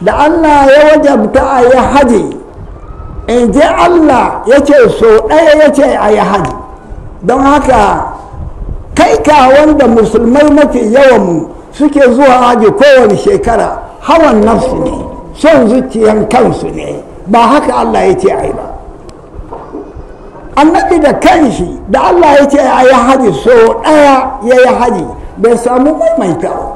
da allah ya wajabta a yi haji in je allah ya ce so ɗaya ya ce a yi haji don haka kai ka wanda musulmai mafi yawan suke zuwa haji kowane shekara hawan nafsu ne son zuciyan kansu ne ba haka allah ya ce a yi ba annabi da kanshi da allah ya ce a yi haji so ɗaya ya yi haji bai samu maimaitawa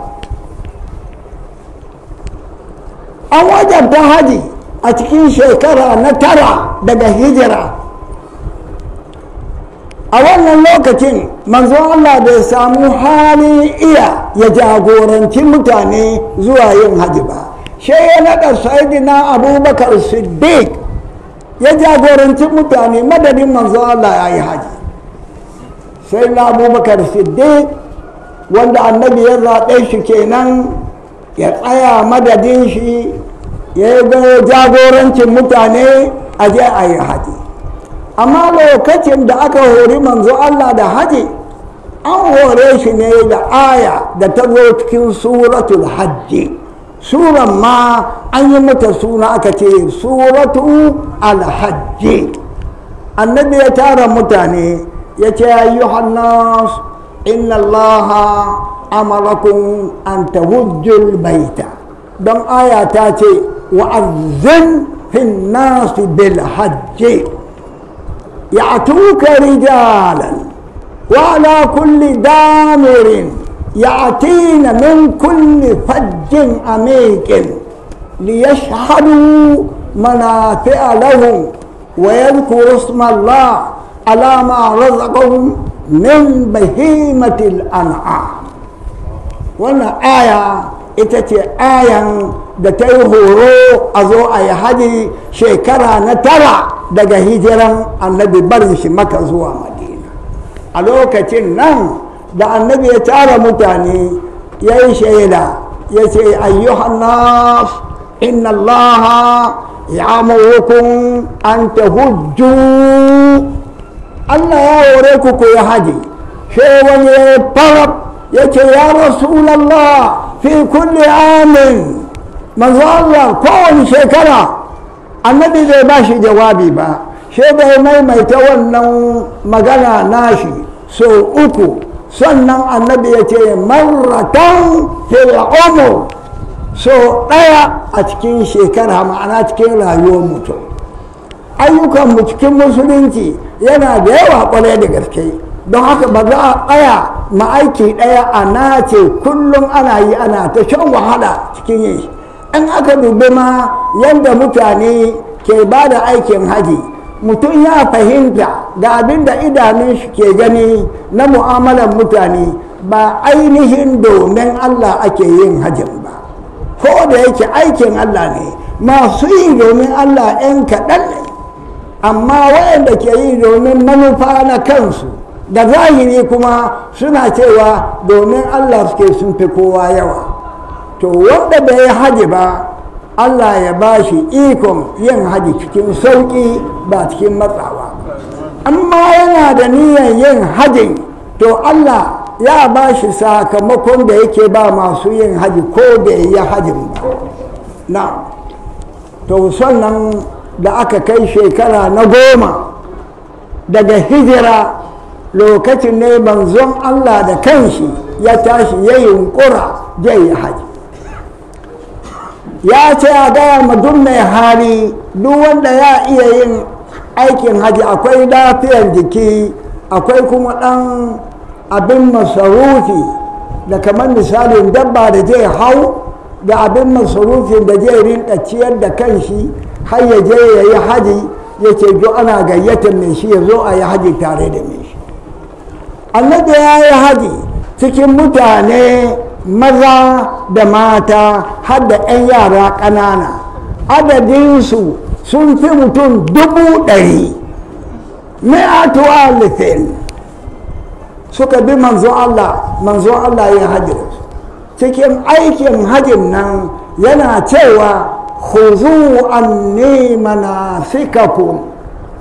an wajabta haji a cikin shekara na tara daga hijira a wannan lokacin manzo Allah bai samu hali iya ya jagoranci mutane zuwa yin haji ba shi ya naɗa na abubakar siddiq ya jagoranci mutane madadin manzo Allah ya yi haji sai na abubakar siddiq wanda annabi ya zaɓe shi kenan ya tsaya madadin shi ya yi jagorancin mutane a je a yi haji amma lokacin da aka hori manzo Allah da haji an hore shi ne da aya da ta zo cikin suratul hajji suran ma an yi mata suna aka ce suratu alhajji annabi ya tara mutane ya ce ayyuhan inna allaha أمركم أن تودوا البيت دم آياتاتي وأذن في الناس بالحج يعتوك رجالا وعلى كل دامر يعتين من كل فج عميق ليشهدوا منافع لهم ويذكروا اسم الله على ما رزقهم من بهيمة الأنعام wannan aya ita ce ayan da ta yi horo a zo a yi haji shekara na tara daga hijiran annabi barin shi maka zuwa madina a lokacin nan da annabi ya tara mutane ya yi shaida ya ce ayyuhan inna allaha ya mawukun an tahujju allah ya hore ku ku yi haji sai wani ya yi yake ya rasulallah fi kulli amin manzo Allah kowane shekara annabi bai ba shi jawabi ba shi bai maimaita wannan magana nashi so uku sannan annabi ya ce marratan fil umur so ɗaya a cikin shekara ma'ana cikin rayuwar mutum ayyukanmu cikin musulunci yana da yawa ƙwarai da gaske don haka ba za a tsaya ma'aiki ɗaya a nace kullum ana yi ana ta shan wahala cikin yi in aka dubi ma yadda mutane ke ba da aikin haji mutum ya fahimta da abin da idanun shi ke gani na mu'amalar mutane ba ainihin domin allah ake yin hajin ba ko da yake aikin allah ne masu yi domin allah 'yan kaɗan ne amma waɗanda ke yi domin manufa na kansu da zahiri kuma suna cewa domin allah suke sun fi kowa yawa to wanda bai yi haji ba allah ya ba shi ikon yin haji cikin sauƙi ba cikin matsawa amma yana da niyan yin hajin to allah ya ba shi sakamakon da yake ba masu yin haji ko bai yi hajin ba na to sannan da aka kai shekara na goma daga hijira lokacin ne manzon Allah da kanshi ya tashi ya yi yunkura zai yi haji ya ce a gaya ma duk mai hari, duk wanda ya iya yin aikin haji akwai lafiyar jiki akwai kuma ɗan abin masarufi da kamar misalin dabba da zai hau da abin masarufin da zai rinka ciyar da kanshi har ya je ya yi haji ya ce jo ana gayyatar mai shi ya zo a yi haji tare da ni annabi ya yi haji cikin mutane maza da mata har da 'yan yara ƙanana adadinsu sun fi mutum dubu ɗari mi'atu suka bi manzo Allah manzo Allah ya haji cikin aikin hajin nan yana cewa huzu anni manasikakum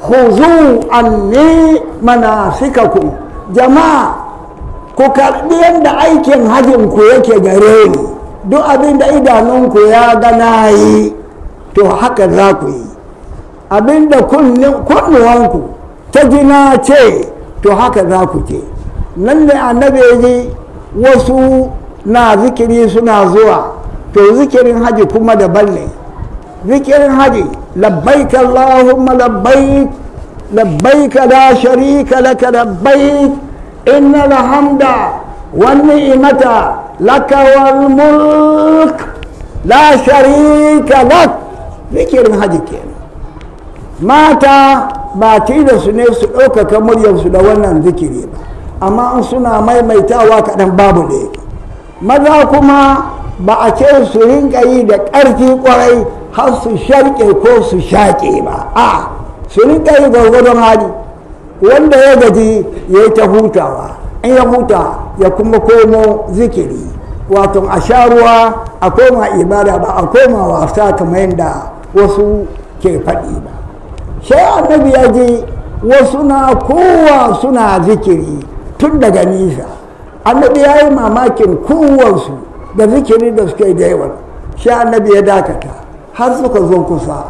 khuzu anni jama'a ku karbi yadda aikin hajin ku yake gare ni duk abin da idanunku ya gana yi to haka za ku yi abin da kunnuwanku ta jina ce to haka za ku ce nan ne annabi ji wasu na zikiri suna zuwa to zikirin haji kuma daban ne zikirin haji labbaik allahumma labbaik لبيك لا شريك لك لبيك إن الحمد والنعمة لك والملك لا شريك لك ذكر هذيك يعني mata ba ne su ɗaukaka muryarsu da wannan zikiri ba amma suna maimaitawa kaɗan babu da maza kuma ba a ce su rinka yi da ƙarfi ƙwarai har su sharƙe ko su shaƙe ba a su rinka yi gwargwadon hali wanda ya gaji ya yi ta hutawa in ya huta ya kuma komo zikiri wato a sha ruwa a koma ibada ba a koma wasa kamar yadda wasu ke faɗi ba sai annabi ya ji wasu na kowa suna zikiri tun daga nisa annabi ya yi mamakin kowansu da zikiri da suke da yawan sai annabi ya dakata har suka zo kusa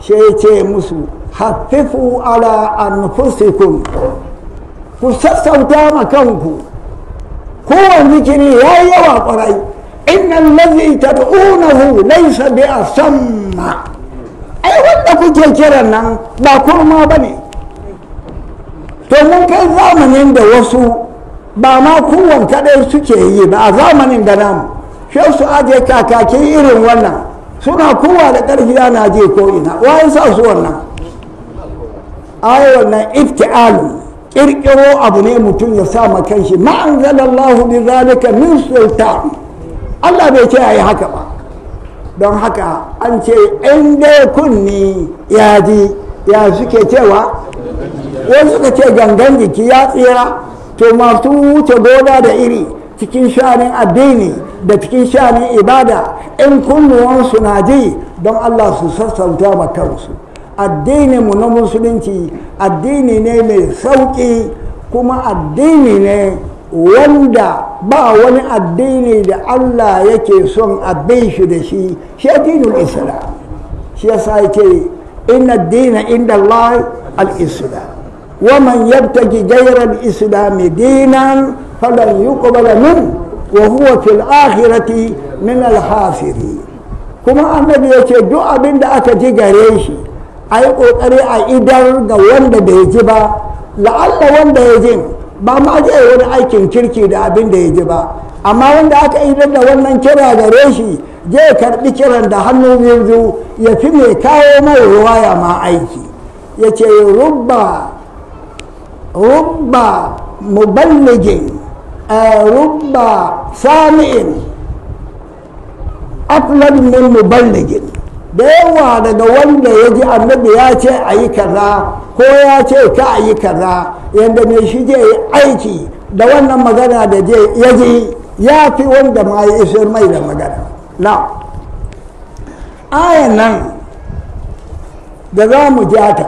sai ya ce musu hafifu ala anfusikum ku sassauta ma kanku kowane zikiri ya yi yawa kwarai innan lazi ta hu laisa bi a samma ai wanda kuke kiran nan ba kurma ba ne to mun kai zamanin da wasu ba ma kowan kaɗai suke yi ba a zamanin da nan shi su aje kakaki irin wannan suna kowa da ƙarfi na je ko ina wayan sa su wannan ai wannan ifti'alu kirkiro abu ne mutum ya sa ma kanshi ma anzalallahu bi zalika min sultan Allah bai ce ayi haka ba don haka an ce in dai kunni ya ji ya suke cewa wani suka ce gangan jiki ya tsira to masu wuce gona da iri cikin shanin addini da cikin shanin ibada in kunnuwansu na ji don Allah su sassauta ma kansu addini mu na musulunci addini ne mai sauƙi kuma addini ne wanda ba wani addini da Allah yake son a shi da shi shi addinin islam shi yasa yake inna dina inda Allah al waman yabta ki gairar islam dinan fadar yi kubala min wa huwa fil akhirati min al kuma annabi ce duk abin da aka ji gare shi a yi ƙoƙari a idar ga wanda bai ji ba la'alla wanda ya ji ba ma zai wani aikin kirki da abin da ya ji ba amma wanda aka idar da wannan kira gare shi zai karɓi kiran da hannu biyu ya fi mai kawo mai ruwaya ma aiki ya ce rubba rubba muballigin rubba sami'in aflal min muballigin da yawa daga wanda ya ji annabi ya ce a yi kaza ko ya ce ka a yi kaza yadda mai shi je yi aiki da wannan magana da je ya ji ya fi wanda ma ya iso mai da magana na ayan nan da za mu ja ta